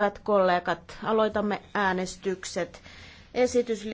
Hyvät kollegat, aloitamme äänestykset. Esitys